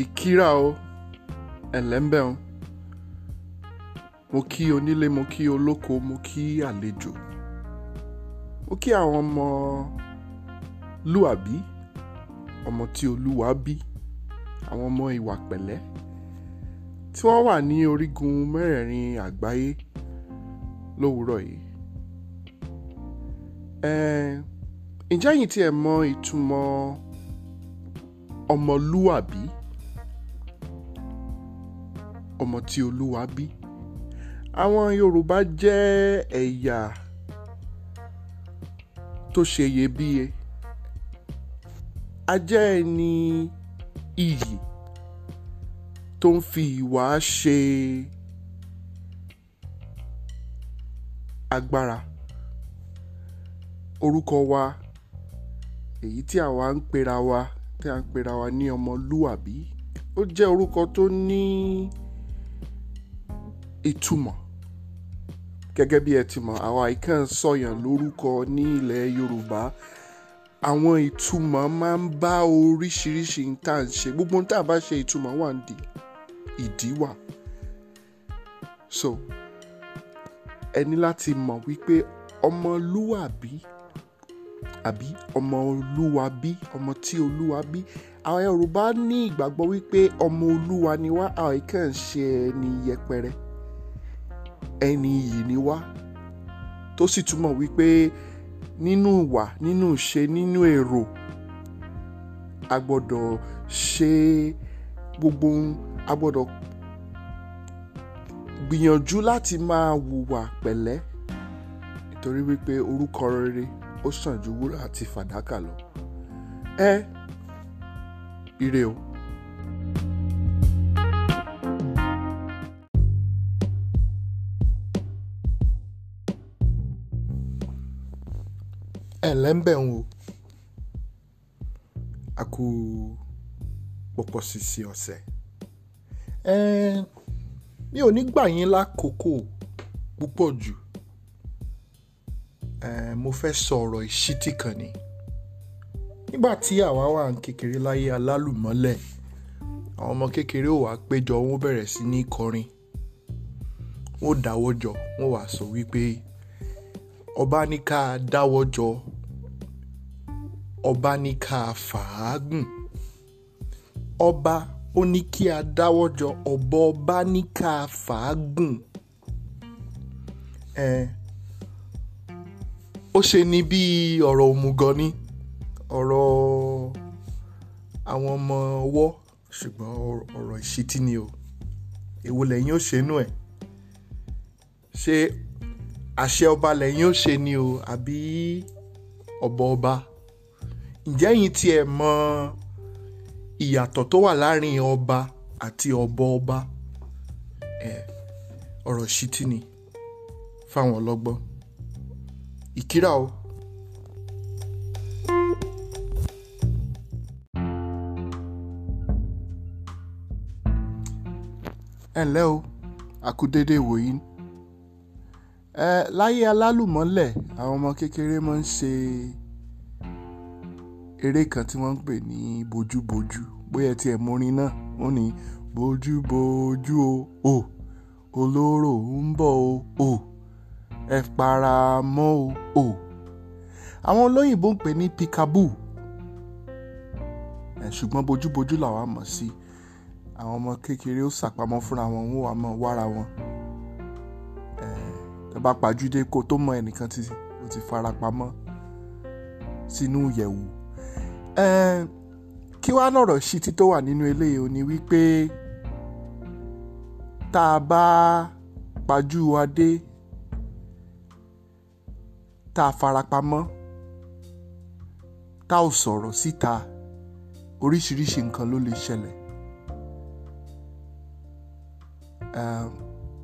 ìkírà o ẹ̀lẹ́ńbẹ̀ o mo kí onílé mo kí olóko mo kí àlejò mo kí àwọn ọmọ lúàbí ọmọ tí olúwa bí àwọn ọmọ ìwà pẹ̀lẹ́ tí wọ́n wà ní orígun mẹ́rẹ̀ẹ̀rin àgbáyé lówùúrọ̀ yìí ǹjẹ́ yìí tiẹ̀ mọ ìtumọ̀ ọmọlúàbí? E, ọmọ tí olúwa bí àwọn yorùbá jẹ́ ẹ̀yà tó ṣe iyebíye a jẹ́ ẹni iyì tó ń fi ìwà ṣe agbára orúkọ wa èyí tí àwa ń pera wa tí à ń pera wa ní ọmọlúwàbí ó jẹ́ orúkọ tó ní. Ni ìtumọ̀ gẹ́gẹ́ bí ẹ ti mọ̀ àwa ìkàn sọ̀yàn lórúkọ ní ilẹ̀ Yorùbá àwọn ìtumọ̀ máa ń bá oríṣiríṣi ń tà ń ṣe gbogbo ń tà bá ṣe ìtumọ̀ wà ń di ìdí wà so ẹ ní láti mọ̀ wípé ọmọlúwàbí àbí ọmọ olúwa bí ọmọ tí olúwa bí àwọn Yorùbá ní ìgbàgbọ́ wípé ọmọ olúwa ni wá àwọn ṣe ẹni yẹpẹrẹ ẹni iyì ni wá tó sì túmọ̀ wípé nínú ìwà nínú ìṣe nínú èrò a gbọ́dọ̀ ṣe gbogbo a gbọ́dọ̀ gbìyànjú láti máa hùwà pẹ̀lẹ́ nítorí wípé orúkọ rere ó sàn ju wúrà àti fàdákà lọ ẹ ire o. ẹ̀ǹlẹ́ o a kú pọ̀pọ̀ sisi ọ̀sẹ̀ mi ò ní gbà yín lákòókò púpọ̀ jù ẹ̀ẹ́n mo fẹ́ sọ ọ̀rọ̀ ìṣítí kan ni nígbà tí àwa wà ń kékeré láyé alálùmọ́lẹ̀ àwọn ọmọ kékeré ò wá péjọ wọn bẹ̀rẹ̀ sí ní kọrin wọn dáwọ́ jọ wọn wá sọ wípé ọba ní ká dáwọ́ jọ ọba ní ká fàágùn ọba ó ní kí a dáwọ́ jọ ọ̀bọ ọba ní ká fàágùn ẹ ó ṣe ní bíi ọ̀rọ̀ òmùgọ̀ ni ọ̀rọ̀ àwọn ọmọ ọwọ́ ṣùgbọ́n ọ̀rọ̀ ìṣítí ni o èwo lẹ́yìn ó ṣe nú ẹ̀ ṣé àṣẹ ọba lẹ́yìn ó ṣe ni o àbí ọ̀bọ ọba ǹjẹ́ yín tiẹ̀ mọ ìyàtọ̀ tó wà láàrin ọba àti ọ̀bọ ọba ọ̀rọ̀ ṣìtì ni fáwọn ọlọ́gbọ́n ìkírà o. ẹ ǹlẹ́ o àkúdédé wòyí ẹ láyé alálùmọ́lẹ̀ àwọn ọmọ kékeré máa ń ṣe. Se eré kan tí wọ́n ń pè ní bojúbojú bóyá tí ẹ mọ orin náà wọ́n ní bojúbojú o ò olóró ń bọ̀ o ò ẹ para mọ́ o ò àwọn olóyìnbó ń pè ní pikaboo ẹ ṣùgbọ́n bojúbojú làwa mọ̀ sí àwọn ọmọ kékeré ó sàpamọ́ fúnra wọn ó wà mọ́ wára wọn ẹ ẹ bá pàjùdé kó tó mọ ẹnìkan tí ti fara pamọ́ sínú ìyẹ̀wù kí wàá lọ̀rọ̀ sí ti tó wà nínú eléyìí ò ní wípé tá a bá pajú wa dé tá a farapamọ́ tá ò sọ̀rọ̀ síta oríṣiríṣi nǹkan ló lè ṣẹlẹ̀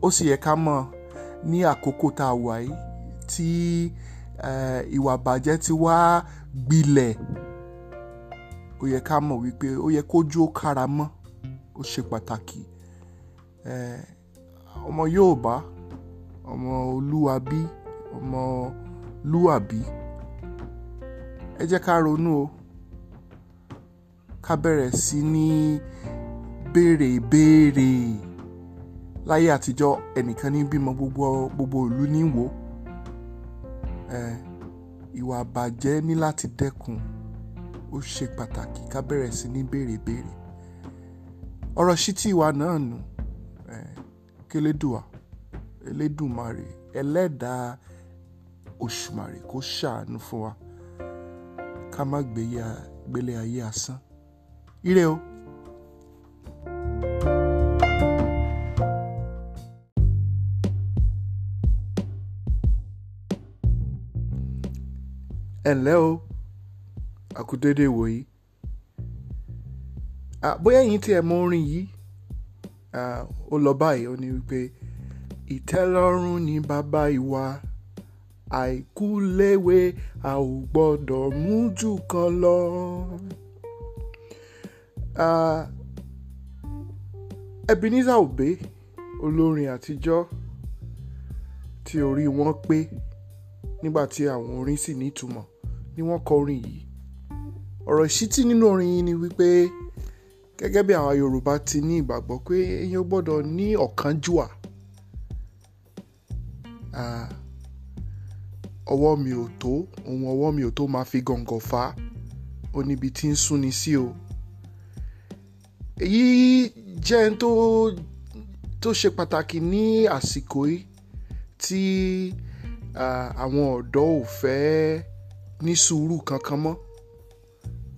ó sì yẹ ká mọ̀ ní àkókò tá a wà yìí tí ìwà bàjẹ́ ti wá gbilẹ̀. Uh, ó yẹ ká mọ̀ wípé ó yẹ kójú ó kára mọ́ ó ṣe pàtàkì ọmọ Yorùbá ọmọ olúwàbí ọmọ lúwàbí ẹ jẹ́ ká ronú o ká bẹ̀rẹ̀ sí ní béèrè ìbéèrè láyé àtijọ́ ẹnìkan ní bímọ gbogbo gbogbo ìlú ní ìwà àbàjẹ́ ní láti dẹ́kun ó ṣe pàtàkì ká bẹ̀rẹ̀ sí ní béèrè béèrè ọ̀rọ̀ sí tí ìwà náà nù kélédùà elédùmarè ẹlẹ́dàá òṣùmàrè kó ṣàánú fún wa ká má gbélé ayé asán ire o. ẹ o àkúdédé wòyí bóyá yìí tí ẹ mọ orin yìí ó lọ báyìí ó ní wípé ìtẹ́lọ́rùn ni bàbá ìwà àìkú léwe a ò gbọ́dọ̀ mú jù kan lọ. Ebenezer Obey olórin àtijọ́ tí orí wọn pé nígbà tí àwọn orin sì nítumọ̀ ni wọ́n kọ yìí ọ̀rọ̀ ìṣítí nínú orin yìí ni wípé gẹ́gẹ́ bí àwọn Yorùbá ti ní ìgbàgbọ́ pé èèyàn gbọ́dọ̀ ní ọ̀kánjúwà ọwọ́ mi ò tó ohun ọwọ́ mi ò tó máa fi gàngàn fà á ó níbi tí ń súnni sí o èyí jẹ́ ń tó tó ṣe pàtàkì ní àsìkò yìí tí àwọn ọ̀dọ́ ò fẹ́ ní sùúrù kankan mọ́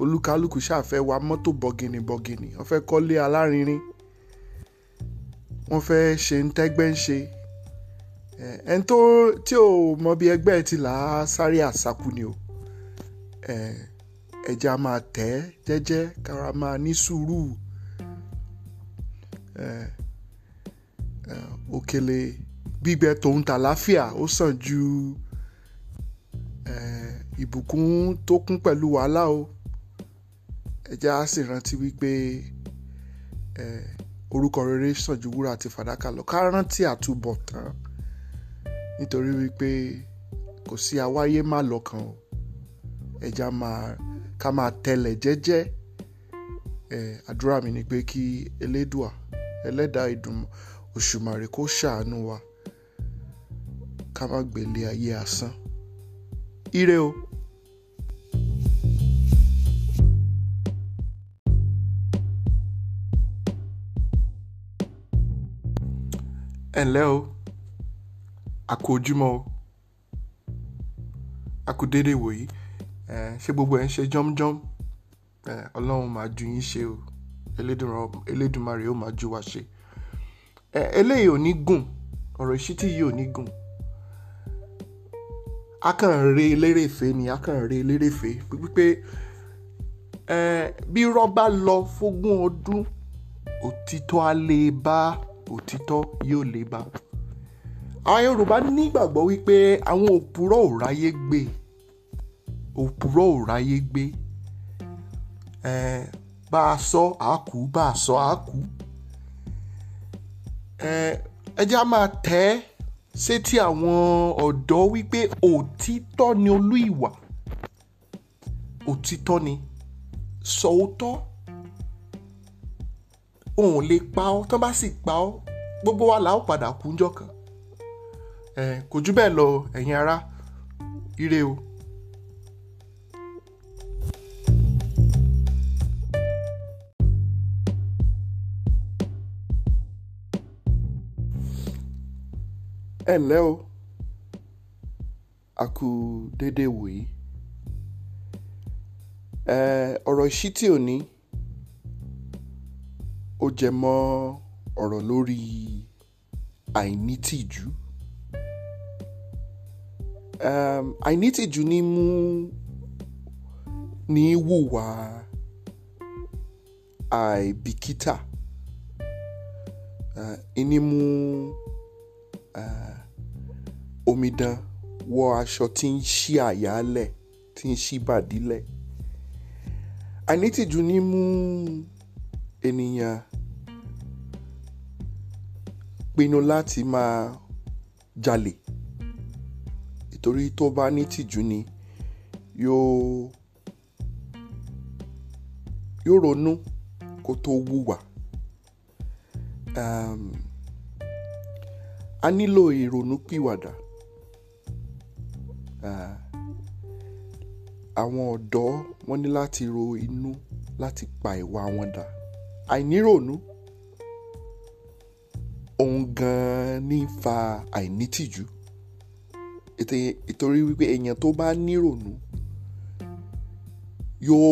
olúkálùkù ṣàfẹ́ wa mọ́tò bọ̀gìnì bọ̀gìnì wọ́n fẹ́ kọ́lé alárinrin wọ́n fẹ́ ṣe ń tẹ́gbẹ́ ń ṣe ẹni tó tí ò mọ bí ẹgbẹ́ ti là á sáré àsákù ni o ẹja máa tẹ̀ jẹ́jẹ́ kára máa ní sùúrù òkèlè gbígbẹ tòun tàlàáfíà ó sàn ju ìbùkún tó kún pẹ̀lú wàhálà o ẹjẹ́ á sì rántí wípé orúkọ rere sàn ju wúrà àti fàdákà lọ ká rántí àtúbọ̀tán nítorí wípé kò sí awáyé má lọ́kàn o ẹja máa ká máa tẹlẹ̀ jẹ́jẹ́ àdúrà mi ni pé kí elédùà ẹlẹ́dàá ìdùnnú òṣùmàrè kó ṣàánú wa ká má gbélé ayé asán ire o. ẹ ǹlẹ́ o a kú ojúmọ́ o a kú déédéé wòyí ṣé gbogbo ẹ̀ ń ṣe jọ́mjọ́m ọlọ́run máa ju yín ṣe o elédùnmarè ó máa ju wa ṣe eléyìí ò ní gùn ọ̀rọ̀ ìṣítí yìí ò ní gùn a kàn re elérèfé ni a kàn ń re elérèfé wípé bí rọ́bà lọ fógún ọdún òtítọ́ á bá òtítọ́ yóò lè bá. àwọn Yorùbá nígbàgbọ́ wípé àwọn òpùrọ́ ò ráyé gbé òpùrọ́ ò ráyé gbé bá a sọ àákú bá a sọ àákú ẹjẹ́ a máa tẹ́ sétí àwọn ọ̀dọ́ wípé òtítọ́ ni olú ìwà òtítọ́ ni sọ òótọ́. So òun ò lè pa ọ́ tó bá sì pa ọ́ gbogbo wa là ó padà kú kan ẹ kò jù bẹ́ẹ̀ lọ ẹ̀yin ará ire o. ẹ ǹlẹ́ o a kú déédéé wòyí ọ̀rọ̀ ìṣítí òní jẹ mọ́ ọ̀rọ̀ lórí àìnítìjú um, àìnítìjú ní mú ní wùwà àìbìkítà uh, ní mú uh, omidan wọ aṣọ tí ń ṣí àyálẹ̀ tí ń ṣí bàdílẹ̀ àìnítìjú ní mú ènìyàn pinnu láti máa jalè torí tó bá ní tìjú ni yóò yóò ronú kó tó wùwà um, a nílò ìrònú pìwàdà uh, eh, àwọn ọ̀dọ́ wọ́n ní láti ro inú láti pa ìwà wọn dà àìníròònú òun gan-an ní fa àìnítìjú ìtorí wípé èèyàn tó bá nírònú yóò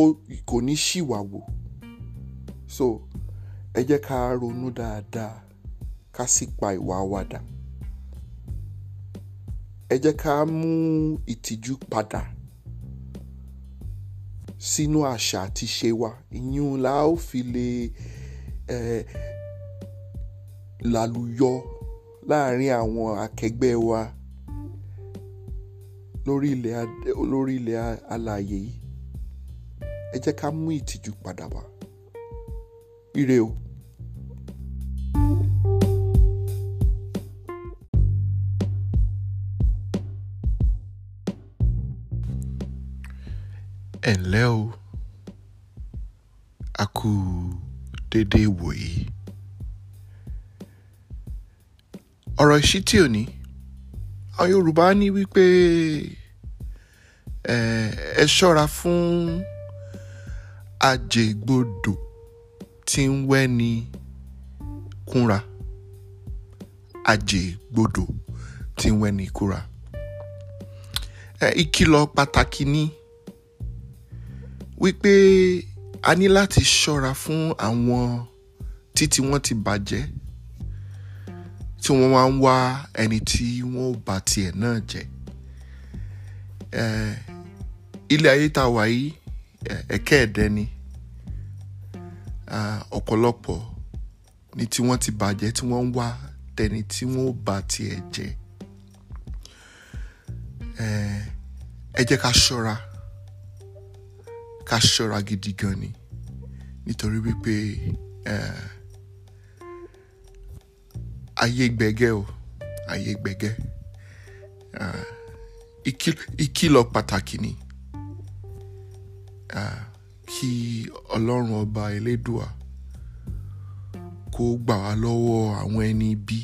kò ní ṣìwàwò so ẹ jẹ́ ká ronú dáadáa ká sì pa ìwà wa dà ẹ jẹ́ ká mú ìtìjú padà sínú àṣà àti ṣe wa ìyún la ó fi lè lálùyọ láàrin àwọn akẹgbẹ́ wa lórí ilẹ̀ lórí ilẹ̀ alààyè yìí ẹ jẹ́ ká mú ìtìjú padà wá ire o. ẹ ǹlẹ́ o a kú déédéé wòyí. ọ̀rọ̀ ìṣítí òní àwọn Yorùbá ní wípé ẹ ṣọ́ra fún àjègbodò tí ń wẹ́ni kúnra àjègbodò tí ń wẹ́ni kúnra ìkìlọ̀ pàtàkì ni wípé a ní láti ṣọ́ra fún àwọn títí wọ́n ti bàjẹ́ tí wọ́n wá ń wá ẹni tí wọ́n ò bá tiẹ̀ náà jẹ́ ilé ayé tá a wà yìí ẹ̀kẹ́ ẹ̀dẹ́ ni ọ̀pọ̀lọpọ̀ ni tí wọ́n ti bàjẹ́ tí wọ́n ń wá tẹni tí wọ́n ò bá tiẹ̀ jẹ́ ẹ jẹ́ ká ṣọ́ra ká ṣọ́ra gidi gan ni nítorí wípé. Uh, ayé gbẹ̀gẹ́ o ayé gbẹ̀gẹ́ uh, ìkìlọ̀ pàtàkì ni uh, kí ọlọ́run ọba elédùà kó gbà wá lọ́wọ́ àwọn ẹni ibi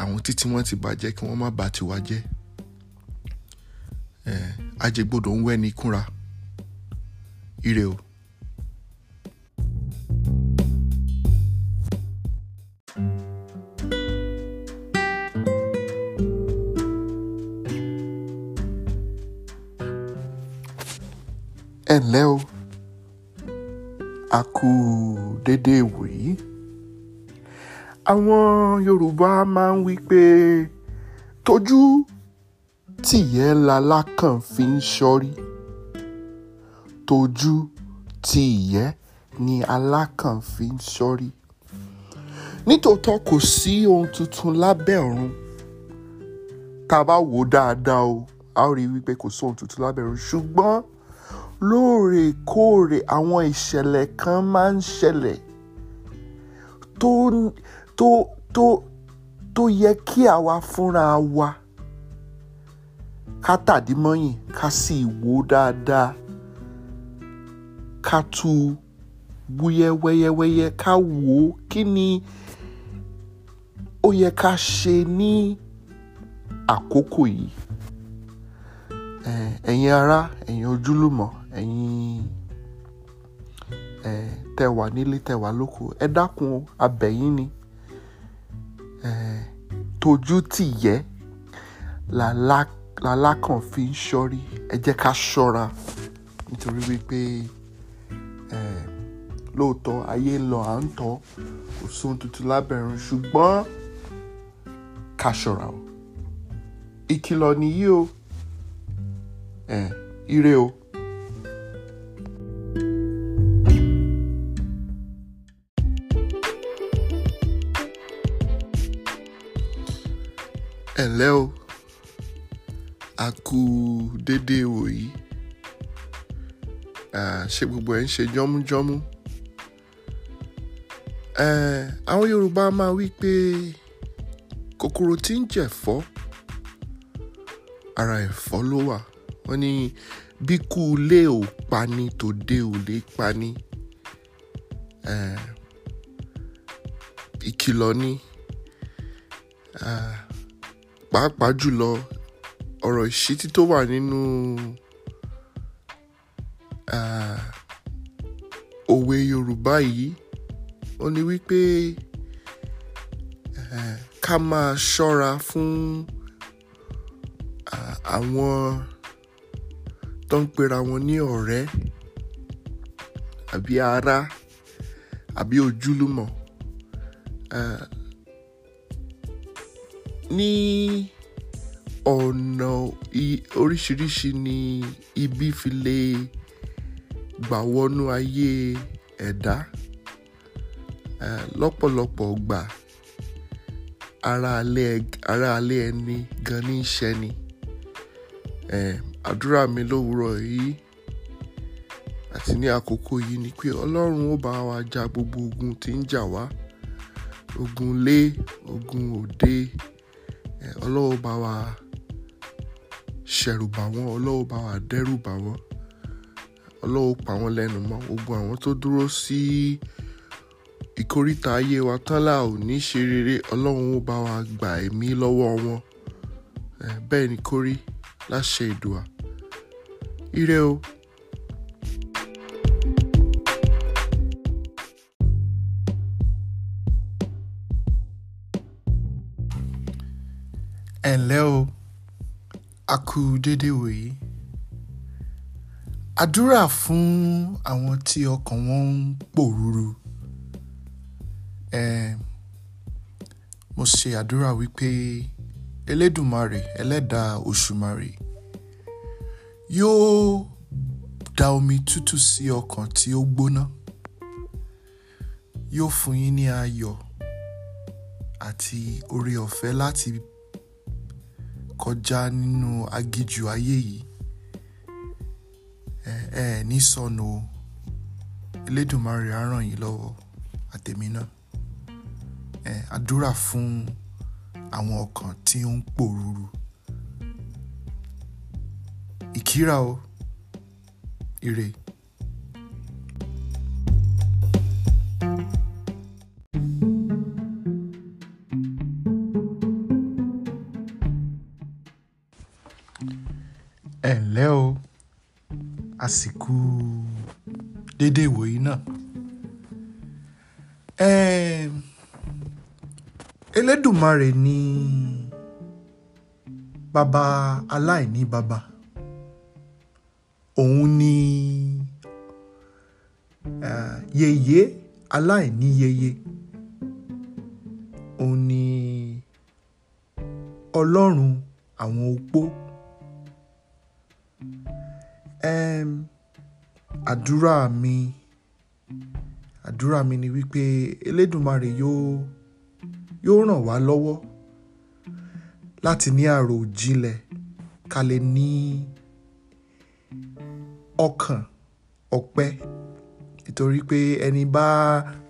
àwọn títí wọ́n ti bàjẹ́ kí wọ́n má bà tiwa jẹ́ ajẹgbọdọ̀ ń wẹ́ni kúnra ire o. ẹ ǹlẹ́ o a kú dédé ìwòyí àwọn Yorùbá máa ń wí pé tójú tìyẹ́ lalákàn fi ń ṣọ́rí tójú tìyẹ́ ni alákàn fi ń ṣọ́rí nítòótọ́ kò sí ohun tuntun lábẹ́ ọ̀run tá a bá wò ó dáadáa o a ó rí i wípé kò sí tuntun lábẹ́ ọ̀run ṣùgbọ́n lóòrèkóòrè àwọn ìṣẹ̀lẹ̀ kan máa ń ṣẹlẹ̀ tó tó tó tó yẹ kí àwa fúnra wa ká tàdí mọ́yìn ká sì wò dáadáa ká tu wúyẹ́ wẹ́yẹ́wẹ́yẹ́ ká wò ó kí ni ó yẹ ká ṣe ní àkókò yìí ẹ̀yin ará ẹ̀yin ojúlùmọ̀ ẹ̀yin ẹ tẹ́ wà nílé tẹ́ wà lóko ẹ dákun abẹ̀yìn ni ẹ tójú tìyẹ́ làlákàn fi ń ṣọ́rí ẹ jẹ́ ká ṣọ́ra nítorí wípé ẹ lóòótọ́ ayé ń lọ à ń tọ́ kò sóhun tuntun lábẹ́rún ṣùgbọ́n ká ṣọ́ra o ìkìlọ̀ nìyí o ẹ ire o. ǹlẹ́ o a kú déédéé wòyí ṣé gbogbo ẹ̀ ń ṣe jọ́mújọ́mú àwọn Yorùbá máa wí pé kòkòrò tí ń jẹ̀fọ́ ara ẹ̀fọ́ ló wà wọ́n ní bí kú ilé ò pani tòde ò lè pani ìkìlọ̀ ni. Uh, pàápàá jùlọ ọ̀rọ̀ ìṣítí tó wà nínú òwe Yorùbá yìí ó ní wípé ká máa ṣọ́ra fún àwọn tó ń pera wọn ní ọ̀rẹ́ àbí ará àbí ojúlùmọ̀ ní ọ̀nà oríṣiríṣi ni ibi fi lè gbà wọnú ayé ẹ̀dá lọ́pọ̀lọpọ̀ gbà ara alẹ́ ẹni gan ní í ṣe ni àdúrà mi lówùúrọ̀ yìí àti ní àkókò yìí ni pé ọlọ́run ó bá wa ja gbogbo ogun tí ń jà wá ogun lé ogun òde ọlọ́wọ́ bá wa ṣẹ̀rù bà wọ́n ọlọ́wọ́ bá wa dẹ́rù bà wọ́n ọlọ́wọ́ pa wọ́n lẹ́nu mọ́ ogun àwọn tó dúró sí ìkóríta ayé wa tán là ò ní ṣe rere ọlọ́run ó bá wa gba ẹ̀mí lọ́wọ́ wọn bẹ́ẹ̀ ni kórí láṣẹ ìdùà ire o. ẹ ǹlẹ́ o a kú déédéé wòyí àdúrà fún àwọn tí ọkàn wọn ń pòrúru eh, mo ṣe àdúrà wípé elédùmarè ẹlẹ́dàá òṣùmarè yóò da omi tútù sí ọkàn tí ó gbóná yóò fún yín ní ayọ̀ àti oore ọ̀fẹ́ láti kọjá nínú aginjù ayé yìí ẹ ẹ ní sọnù o Elédùmarè á ràn yín lọ́wọ́ àtẹ̀mí náà ẹ àdúrà fún àwọn ọkàn tí ó ń pòrúurú ìkírà o ire. dédé ìwòyí náà. Eh, Elédùmarè ni baba aláìní bàbá òun ni uh, yeye aláìní yeye òun ni ọlọ́run àwọn opó. Um, àdúrà mi àdúrà mi ni wípé Elédùmarè yóò yóò ràn wá lọ́wọ́ láti ní àròjinlẹ̀ ká lè ní ọkàn ọpẹ́ nítorí pé ẹni bá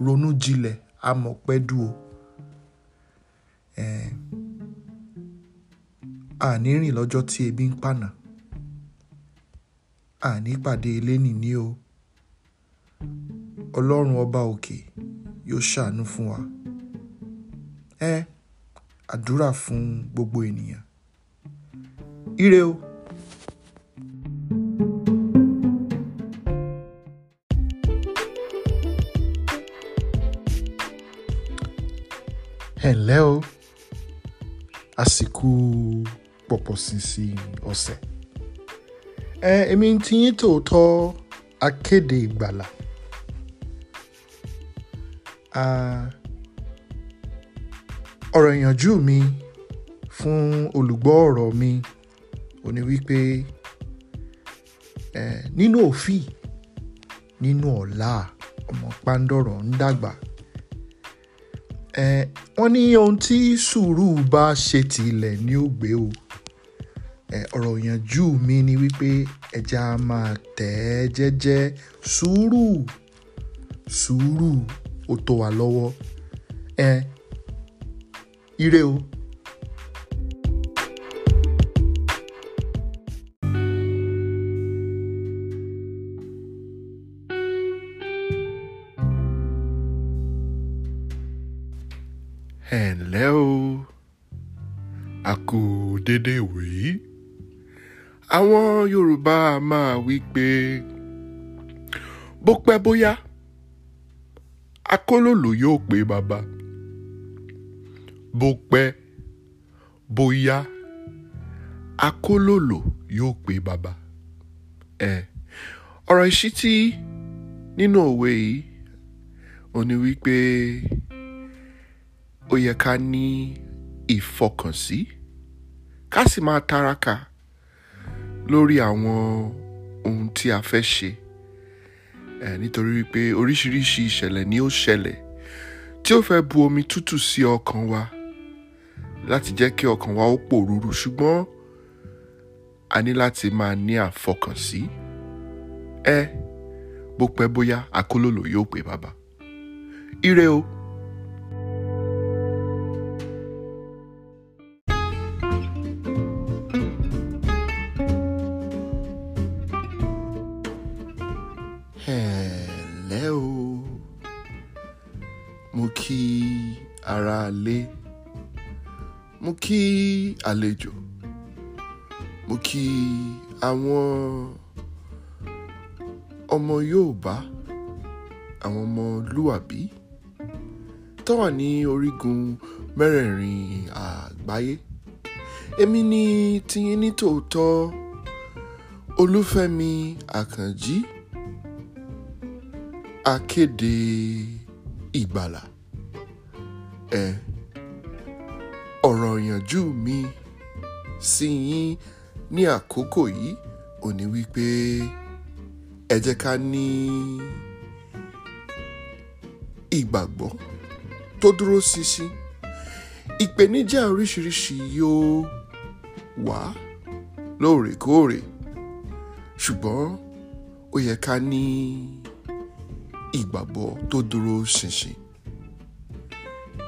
ronú jinlẹ̀ a mọ̀ pẹ́ dù o àní rìn lọ́jọ́ tí ebi ń pànà ànípàdé eléni ní o ọlọ́run ọba òkè yóò ṣàánú fún wa ẹ àdúrà fún gbogbo ènìyàn ire o. ẹ ǹlẹ́ o àsìkò pọ̀pọ̀ṣìnṣìn ọ̀sẹ̀ ẹ èmi ń tiyín tòótọ́ akéde ìgbàlà ọ̀rọ̀ ìyànjú mi fún olùgbọ́ ọ̀rọ̀ mi ò ní wípé nínú òfì nínú ọ̀la ọmọ pàǹdọ̀rọ̀ ń dàgbà wọ́n ní ohun tí sùúrù bá ṣe tilẹ̀ ní ògbé o. Eh, ọ̀rọ̀ òyànjú mi ni wípé ẹja máa tẹ̀ ẹ́ jẹ́jẹ́ sùúrù sùúrù ó tó wa lọ́wọ́ ẹ ire o. ẹ ǹlẹ́ o a kú dédé wèé àwọn Yorùbá máa wí pé bó pẹ́ bóyá akólòlò yóò pé bàbá bó pẹ́ bóyá akólòlò yóò pé bàbá ẹ ọ̀rọ̀ ìṣítí nínú òwe yìí ó ní wípé ó yẹ ká ní ìfọkànsí ká sì máa taraka lórí àwọn ohun tí a fẹ́ ṣe ẹ nítorí wípé oríṣiríṣi ìṣẹ̀lẹ̀ ni ó ṣẹlẹ̀ tí ó fẹ́ bu omi tútù sí ọkàn wa láti jẹ́ kí ọkàn wa ó pòrúurú ṣùgbọ́n a ní láti máa ní àfọkànsí ẹ bó pẹ́ bóyá akólòlò yóò pè bàbá ire o. aráalé mo kí àlejò mo kí àwọn ọmọ Yorùbá àwọn ọmọlúwàbí tó wà ní orígun mẹ́rẹ̀ẹ̀rin àgbáyé èmi ni tiyín ní tòótọ́ Olúfẹ́mi Àkànjí akéde ìgbàlà ẹ ọ̀rọ̀ ìyànjú mi sí yín ní àkókò yìí ò ní wípé ẹ jẹ́ ká ní ìgbàgbọ́ tó dúró ṣinṣin ìpèníjà oríṣiríṣi yóò wá lóòrèkóòrè ṣùgbọ́n ó yẹ ká ní ìgbàgbọ́ tó dúró ṣinṣin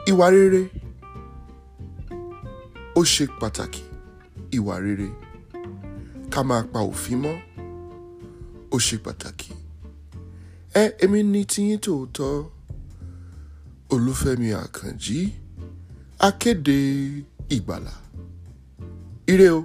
ìwà rere ó ṣe pàtàkì ìwà rere ká máa pa òfin mọ́ ó ṣe pàtàkì ẹ èmi ní tiyín tòótọ́ olúfẹ́mi àkànjí akéde ìgbàlà ire o.